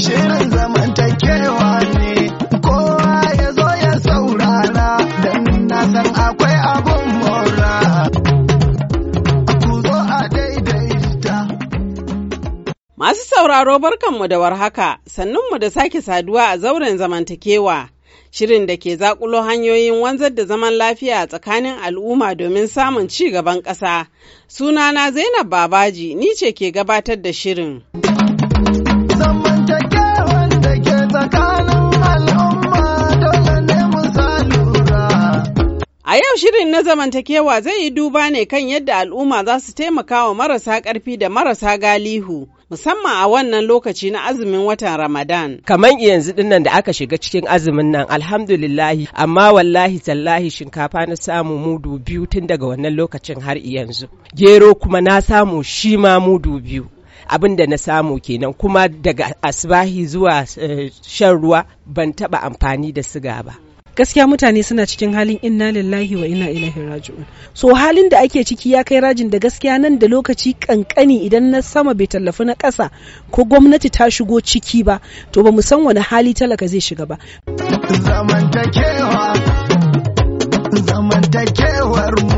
shirin zamantakewa ne kowa ya ya saurara don masu sauraro barkanmu da warhaka sannunmu da sake saduwa a zauren zamantakewa shirin da ke zakulo hanyoyin wanzar da zaman lafiya tsakanin al'umma domin samun ci gaban ƙasa. Sunana Zainab Babaji ni ce ke gabatar da shirin. A yau shirin na zamantakewa zai yi duba ne kan yadda al'umma za su taimaka wa marasa karfi da marasa galihu. musamman a wannan lokaci na azumin watan Ramadan. kamar yanzu dinnan da aka shiga cikin azumin nan alhamdulillahi amma wallahi tallahi shinkafa na samu mudu biyu tun daga wannan lokacin har yanzu. Gero kuma na samu shi ma mudu biyu. abin da na samu kenan kuma daga asibahi zuwa eh, shan ruwa ban taba amfani da siga ba gaskiya mutane suna cikin halin inna lillahi wa inna ilaihi raji'un so halin da ake ciki ya kai rajin da gaskiya nan da lokaci kankani idan na sama bai tallafi na ƙasa ko gwamnati ta shigo ciki ba to ba mu san wani hali talaka zai shiga ba zamantakewar mu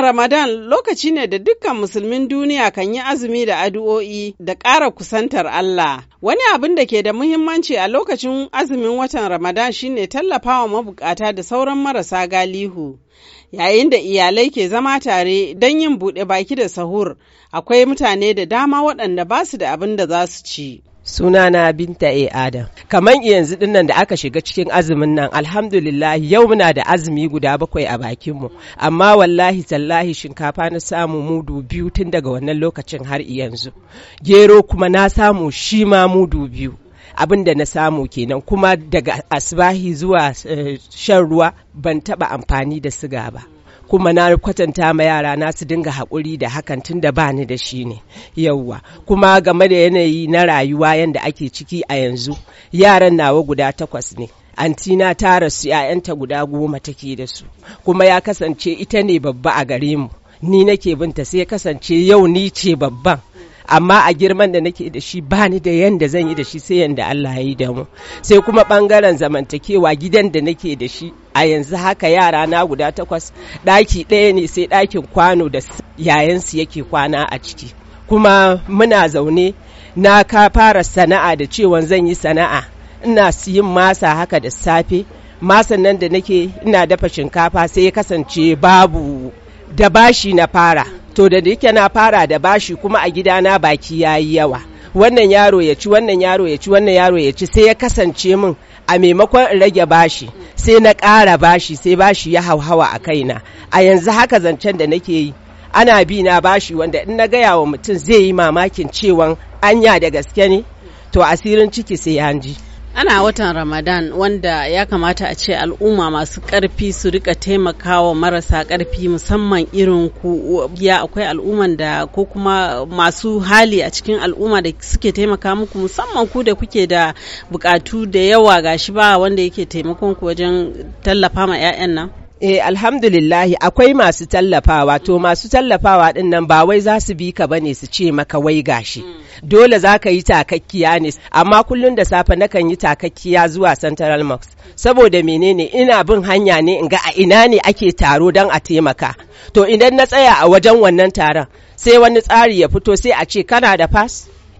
Watan Ramadan lokaci ne da dukkan musulmin duniya kan yi azumi da addu'o'i da ƙara kusantar Allah. Wani abin da ke da muhimmanci a lokacin azumin watan Ramadan shine tallafawa mabukata da sauran marasa galihu. Yayin da iyalai ke zama tare don yin buɗe baki da sahur, akwai mutane da dama waɗanda ba su da abin da za su ci. sunana binta a adam kamar yanzu dinnan da aka shiga cikin azumin nan alhamdulillah yau muna da azumi guda bakwai a bakin mu amma wallahi tallahi shinkafa na samu mudu biyu tun daga wannan lokacin har yanzu gero kuma na samu shi ma mudu biyu abin da na samu kenan kuma daga asbahi zuwa eh, shan ruwa ban taba amfani da siga ba kuma na kwatanta ma yara na su dinga haƙuri da hakan tun da bani da shi ne yauwa kuma game da yanayi na rayuwa yanda ake ciki a yanzu yaran nawa guda takwas ne antina ta rasu 'ya'yanta guda goma take da su kuma ya kasance ita ne babba a gare mu ni nake binta sai kasance yau ni ce babban amma a girman da nake da shi ba ni da yanda zan yi da shi sai yanda Allah ya yi da mu sai kuma bangaren zamantakewa gidan da nake da shi a yanzu haka yara na guda takwas ɗaki ɗaya ne sai ɗakin kwano da yayansu yake kwana a ciki kuma muna zaune na ka fara sana'a da cewan zan yi sana'a ina siyin masa haka da safe masan nan da nake ina dafa shinkafa sai ya kasance babu da bashi na fara to da yake na fara da bashi kuma a gida na baki ya yi yawa wannan yaro ya ci wannan yaro ya ci wannan yaro ya ci sai ya kasance min a maimakon in rage bashi sai na ƙara bashi sai bashi ya hauhawa a kaina a yanzu haka zancen da nake yi ana bi na bashi wanda in na gaya wa mutum zai yi mamakin cewan anya da gaske ne to asirin ciki sai ya ji Ana watan Ramadan wanda ya kamata a ce al'umma masu ƙarfi su rika taimakawa marasa karfi musamman irin ku ya akwai al'umman da ko kuma masu hali a cikin al'umma da suke taimaka muku musamman ku da kuke da bukatu da yawa gashi ba wanda yake taimakon ku wajen tallafa ma 'ya'yan nan. Eh alhamdulillahi akwai masu tallafawa to masu tallafawa din nan ba wai za su bi ka bane su ce maka wai gashi mm. dole za ka yi takakkiya ne amma kullun da safe nakan yi takakkiya zuwa Central Mosque saboda menene ina bin hanya ne in ga a ina ne ake taro don a taimaka to idan na tsaya a wajen wannan taron sai wani tsari ya fito sai a ce kana da pass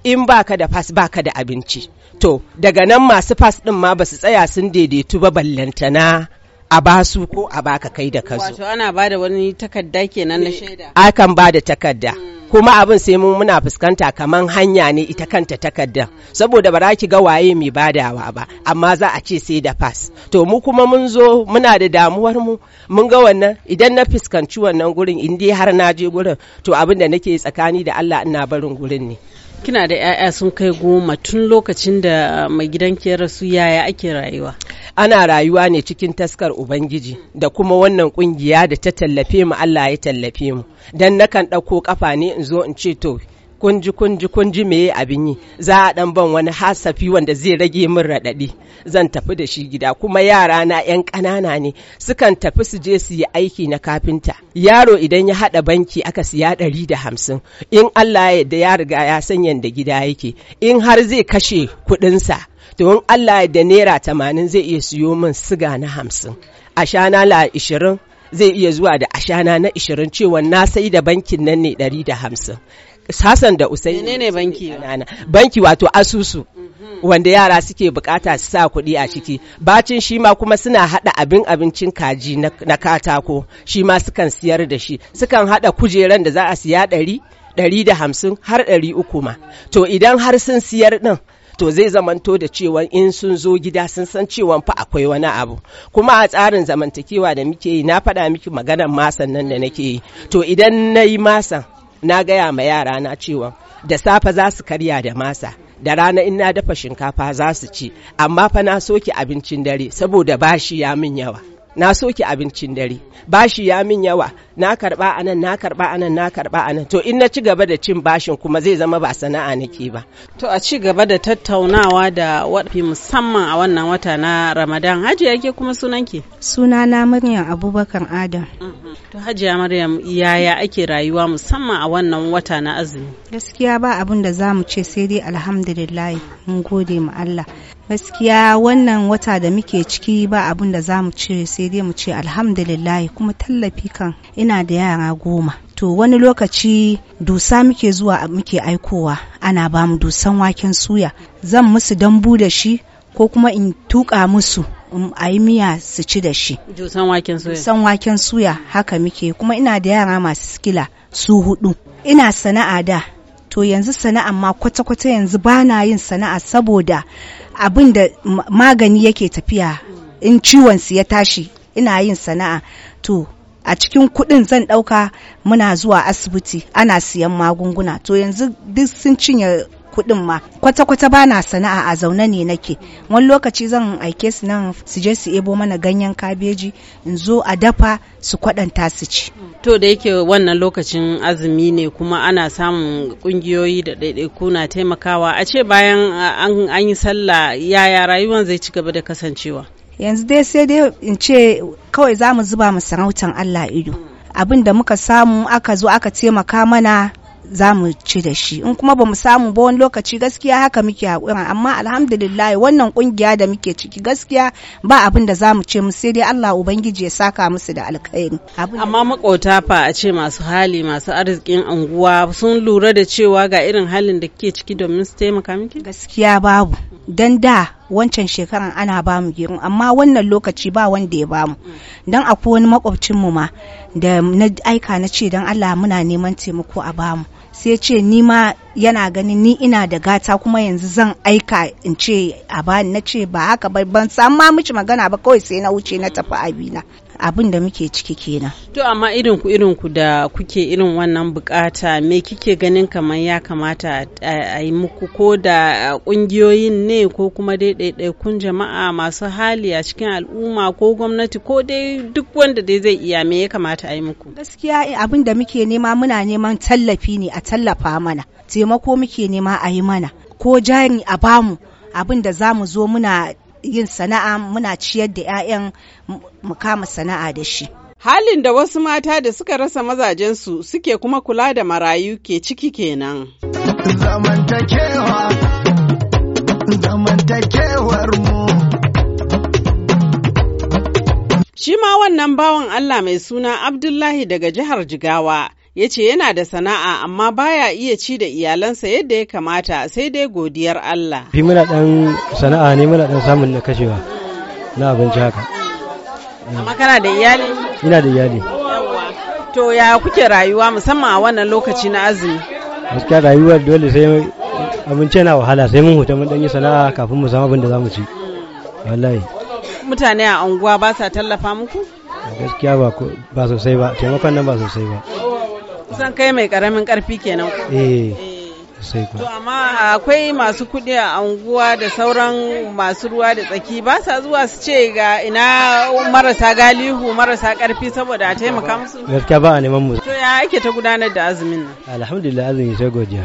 in baka da fas baka da abinci to daga nan masu fas din ma ba su tsaya sun daidaitu ba ballantana a basu ko a baka kai da ka zo. ana ba da wani takarda kenan na eh, shaida. Akan ba da takarda. Hmm. Kuma abin sai mun muna fuskanta kaman hanya ne ita kanta takardar hmm. saboda ba za ki ga waye mai badawa ba amma za a ce sai da fas to mu kuma mun zo muna da damuwar mu mun ga wannan idan na fuskanci wannan gurin in dai har na je gurin to abin da nake tsakani da Allah ina barin gurin ne kina da 'ya'ya sun kai goma tun lokacin da mai gidan ke rasu yaya ake rayuwa ana rayuwa ne cikin taskar ubangiji da kuma wannan kungiya da ta tallafe mu Allah ya tallafe mu dan nakan ɗauko kafa ne in zo in ce to kunji kunji kunji me abin yi za a dan ban wani hasafi wanda zai rage min raɗaɗi zan tafi da shi gida kuma yara na yan kanana ne sukan tafi su je su yi aiki na kafinta yaro idan ya haɗa banki aka siya ɗari da hamsin in Allah ya da ya riga ya san yanda gida yake in har zai kashe kuɗinsa in Allah ya da naira tamanin zai iya siyo min siga na hamsin ashana la ishirin zai iya zuwa da ashana na ishirin cewa na sai da bankin nan ne ɗari da hamsin. Hassan da Usai ne ne banki? Banki wato asusu. Mhm. wanda yara suke bukata su sa kuɗi a ciki mhm. bacin shi ma kuma suna hada abin abincin kaji na katako shi ma sukan siyar da shi sukan hada kujeran da za a siya ɗari ɗari da hamsin har ɗari uku ma to idan har sun siyar ɗin to zai zamanto da cewa in sun zo gida sun san cewa fa akwai wani abu kuma a tsarin zamantakewa da muke yi na faɗa miki maganar masan nan da nake yi to idan na yi masan na gaya ma yara na cewa da safe za su karya da masa da rana in na dafa shinkafa za su ci amma fa na soke abincin dare saboda bashi ya min yawa na soke abincin dare bashi ya min yawa na karba anan na karba anan na karba anan to in na ci gaba da cin bashin kuma zai zama ba sana'a nake ba to a ci gaba da tattaunawa da wafi musamman a wannan wata na ramadan hajiya ke kuma sunan Suna na maryam abubakar adam mm-hmm. to hajiya maryam yaya ake rayuwa musamman a wannan wata na azumi gaskiya ba abin da za mu ce sai dai alhamdulillah mun gode mu allah gaskiya wannan wata da muke ciki ba abin da za mu ce sai dai mu ce alhamdulillah kuma tallafi kan ina da yara goma to wani lokaci dusa muke zuwa muke aikowa ana ba mu dusan waken suya zan musu dambu da shi ko kuma in tuka musu um, a yi miya su ci da shi. Dusan waken suya. Dusan waken suya haka muke kuma ina da yara masu sikila su hudu. Ina sana'a da to yanzu sana'a ma kwata-kwata yanzu ba na yin sana'a saboda abin da magani yake tafiya in ciwon su ya tashi ina yin sana'a to a cikin kuɗin zan ɗauka muna zuwa asibiti ana siyan magunguna to yanzu duk sun cinye kuɗin ma kwata-kwata ba na sana'a a zaune ne nake wani lokaci zan aike su nan su je su ebo mana ganyen kabeji in zo a dafa su kwaɗanta su ci to da yake wannan lokacin azumi ne kuma ana samun ƙungiyoyi da ɗaiɗaiku na taimakawa a ce bayan an yi sallah yaya rayuwan zai ci gaba da kasancewa yanzu dai sai dai in ce kawai za mu zuba mu sarautar allah ido abin da muka samu aka zo aka taimaka mana za mu ci da shi in kuma ba mu samu ba wani lokaci gaskiya haka muke haƙura amma alhamdulillah wannan kungiya da muke ciki gaskiya ba abin da za mu ce mu sai dai Allah ubangiji ya saka musu da alkhairi amma makota fa a ce masu hali masu arzikin anguwa sun lura da cewa ga irin halin da kike ciki domin su taimaka miki gaskiya babu dan da wancan shekaran ana ba mu gero amma wannan lokaci ba wanda ya bamu don akwai wani mu ma da na aika na ce dan allah muna neman taimako a bamu sai ce ni ma yana ganin ni ina da gata kuma yanzu zan aika in ce a bani na ce ba haka ba ban san ma miki magana ba kawai sai na wuce na tafi abina abin da muke ciki kenan to amma irin ku irin ku da kuke irin wannan bukata me kike ganin kamar ya kamata a yi muku ko da kungiyoyin ne ko kuma dai ɗaiɗaikun jama'a masu hali a cikin al'umma ko gwamnati ko dai duk wanda dai zai iya me ya kamata a yi muku gaskiya eh, abin da muke nema muna neman tallafi ne a tallafa mana taimako muke nema a yi mana ko jari a bamu abin da za mu zo muna yin sana'a muna ciyar da 'ya'yan mu kama sana'a da shi. Halin da wasu mata da suka rasa mazajensu suke kuma kula da marayu ke ciki kenan. Shi ma wannan bawan Allah mai suna Abdullahi daga jihar Jigawa ya ce yana da sana'a amma baya iya ci da iyalansa yadda ya kamata sai dai godiyar Allah. Fi muna ɗan sana'a ne muna ɗan samun na kashewa na abinci haka. Amma kana da iyali? Ina da iyali. To ya kuke rayuwa musamman a wannan lokaci na azumi? Gaskiya rayuwar dole sai abinci yana wahala sai mun huta mun ɗan yi sana'a kafin mu samu abin da za mu ci. Wallahi. Mutane a unguwa ba sa tallafa muku? Gaskiya ba sosai ba, taimakon nan ba sosai ba. kusan kai mai karamin karfi kenan eh, eh. sai To amma akwai masu kuɗi a anguwa da sauran masu ruwa da tsaki ba sa zuwa su ce ga ina marasa galihu marasa ƙarfi saboda a taimaka musu. Gaskiya ba a neman mu. To ya ake ta gudanar da azumin nan? Alhamdulillah azumi sai godiya.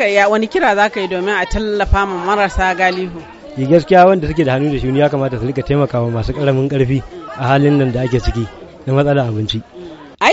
Ya wani kira za ka yi domin a tallafa ma marasa galihu? Yi eh, gaskiya wanda suke da hannu da shuni ya kamata su rika taimakawa masu karamin karfi a halin nan da ake ciki na matsalar abinci.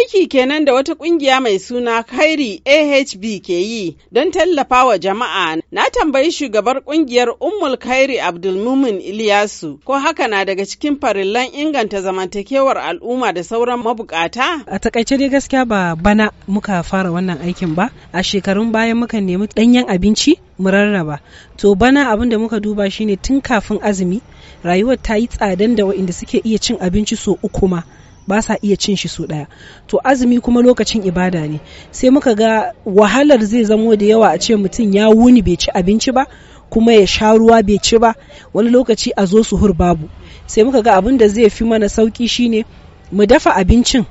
Aiki kenan da wata kungiya mai suna Kairi AHB ke yi don tallafa wa jama'a. Na tambayi shugabar kungiyar Ummul Kairi Abdulmumin Iliyasu ko haka na daga cikin farillan inganta zamantakewar al'umma da sauran mabukata? A takaice dai gaskiya ba bana muka fara wannan aikin ba. A shekarun bayan muka nemi ɗanyen abinci mu rarraba. To bana abin da muka duba shine tun kafin azumi rayuwar ta yi tsadan da waɗanda suke iya cin abinci so uku ma. ba sa iya cin shi su ɗaya to azumi kuma lokacin ibada ne sai muka ga wahalar zai zamo da yawa a ce mutum ya wuni bai ci abinci ba kuma ya sha ruwa bai ci ba wani lokaci a zo suhur babu sai muka ga abin da zai fi mana sauki shine mu dafa abincin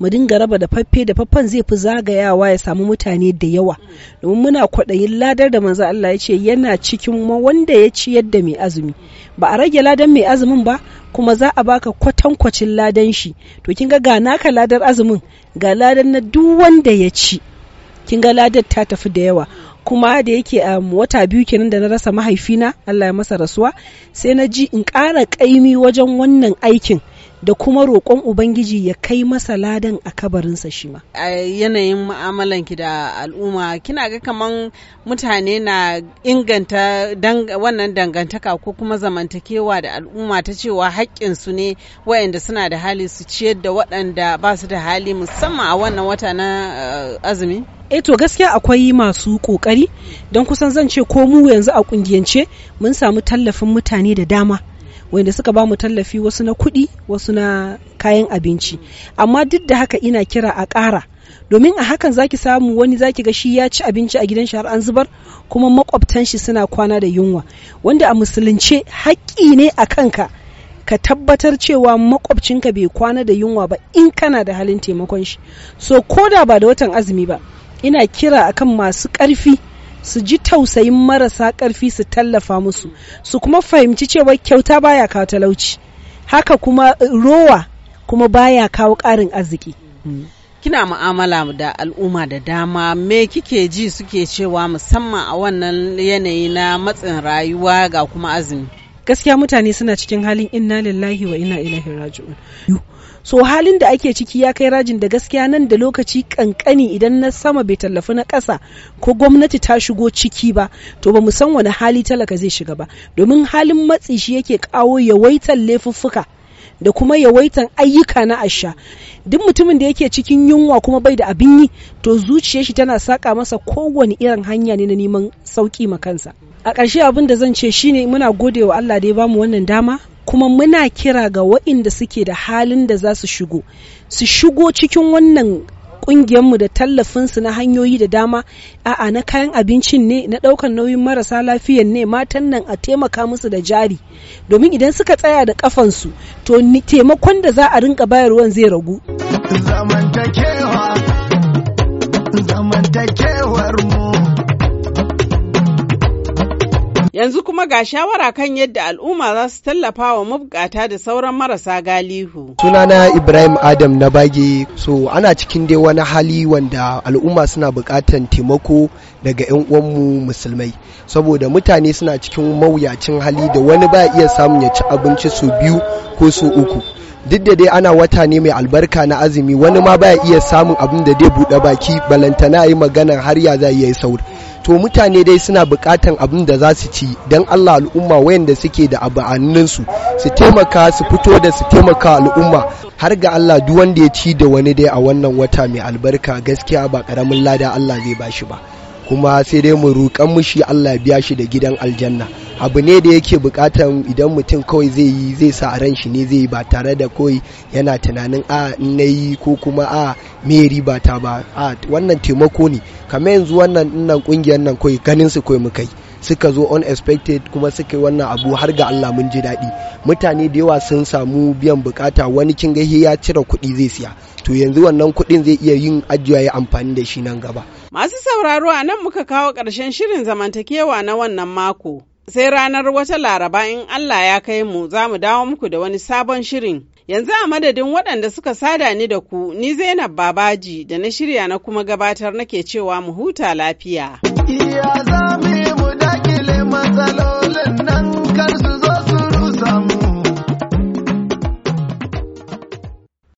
mu dinga raba da faffe da faffan zai fi zagayawa ya samu mutane da yawa domin muna kwaɗayin ladar da manzo Allah ya ce yana cikin wanda ya ci yadda mai azumi ba a rage ladan mai azumin ba kuma za a baka kwatankwacin ladan shi to kin ga ga naka ladar azumin ga ladan na duk wanda ya ci kin ga ladar ta tafi da yawa kuma da yake um, wata biyu kenan da na rasa mahaifina Allah ya masa rasuwa sai na ji in ƙara ƙaimi wajen wannan aikin da kuma roƙon ubangiji ya kai masa ladan a kabarinsa shi ma a yanayin mu'amalanki da al'umma kina ga kamar mutane na inganta wannan dangantaka ko kuma zamantakewa da al'umma ta cewa su ne waɗanda suna da hali su ciyar da waɗanda ba su da hali musamman a wannan wata na eh, azumi e to gaskiya akwai masu kokari don kusan zan ce ko mu yanzu a kungiyance mun samu tallafin mutane da dama wanda suka ba mu tallafi wasu na kuɗi wasu na kayan abinci amma duk da haka ina kira a ƙara domin a hakan zaki samu wani zaki ga shi ya ci abinci a gidan shi har an zubar kuma makwabtan shi suna kwana da yunwa wanda a musulunce haƙƙi ne a kanka ka tabbatar cewa makwabcinka bai kwana da yunwa ba in kana da halin taimakon shi so koda ba da watan azumi ba ina kira akan masu ƙarfi su ji tausayin marasa ƙarfi su tallafa musu su kuma fahimci cewa kyauta baya kawo talauci haka kuma eh, rowa kuma baya kawo ƙarin arziki mm. kina mu'amala da al'umma da dama me kike ji suke cewa musamman a wannan yanayi na matsin rayuwa ga kuma azumi gaskiya mutane suna cikin halin inna lillahi wa inna ilaihi raji'un so halin da ake ciki ya kai rajin da gaskiya nan da lokaci kankani idan na sama bai tallafi na ƙasa ko gwamnati ta shigo ciki ba to ba mu san wani hali talaka zai shiga ba domin halin matsi shi yake kawo yawaitar laifuffuka da kuma yawaitan ayyuka na asha duk mutumin da yake cikin yunwa kuma bai da abin yi to zuciyar shi tana saka masa kowane irin hanya ne na neman sauki ma kansa a ƙarshe abin da zan ce shine muna gode wa Allah da ya bamu wannan dama kuma muna kira ga waɗanda suke da halin da za su shigo su shigo cikin wannan kungiyarmu da tallafin su na hanyoyi da dama a'a na kayan abincin ne na ɗaukan nauyin marasa lafiyan ne matan nan a taimaka musu da jari domin idan suka tsaya da kafansu to taimakon da za a rinka bayarwan zai ragu. Yanzu kuma ga shawara kan yadda al'umma za su tallafa wa mabukata da sauran marasa galihu. Sunana Ibrahim Adam na bage so ana cikin dai wani hali wanda al'umma suna bukatan taimako daga 'yan uwanmu musulmai saboda mutane suna cikin mawuyacin hali da wani ba iya samun ya ci abinci su biyu ko su uku. duk da dai ana wata ne mai albarka na azumi wani ma baya iya samun abin da dai buɗe baki balantana yi magana har ya za yi sauri to mutane dai suna bukatan abin da za su ci don allah al'umma wayanda suke da abu su taimaka su fito da su taimaka al'umma har ga allah duk wanda ya ci da wani dai a wannan wata mai albarka gaskiya ba karamin lada allah zai ba shi ba kuma sai dai mu roƙan mushi allah biya shi da gidan aljanna abu ne da yake bukatan idan mutum kawai zai yi zai sa a ran shi ne zai yi ba tare da kawai yana tunanin a na yi ko kuma a meri ba ta ba a wannan taimako ne kamar yanzu wannan nan kungiyar nan kawai ganin su kawai muka yi suka zo unexpected kuma suka yi wannan abu har ga Allah mun ji daɗi mutane da yawa sun samu biyan bukata wani kin gahi ya cire kuɗi zai siya to yanzu wannan kuɗin zai iya yin ajiya ya amfani da shi nan gaba masu sauraro a nan muka kawo ƙarshen shirin zamantakewa na wannan mako sai ranar wata laraba in Allah ya kai mu za mu dawo muku da wani sabon shirin. Yanzu a madadin waɗanda suka sada ni da ku, ni Zainab Babaji da na shirya na kuma gabatar nake cewa mu huta lafiya. Iya za mu matsaloli.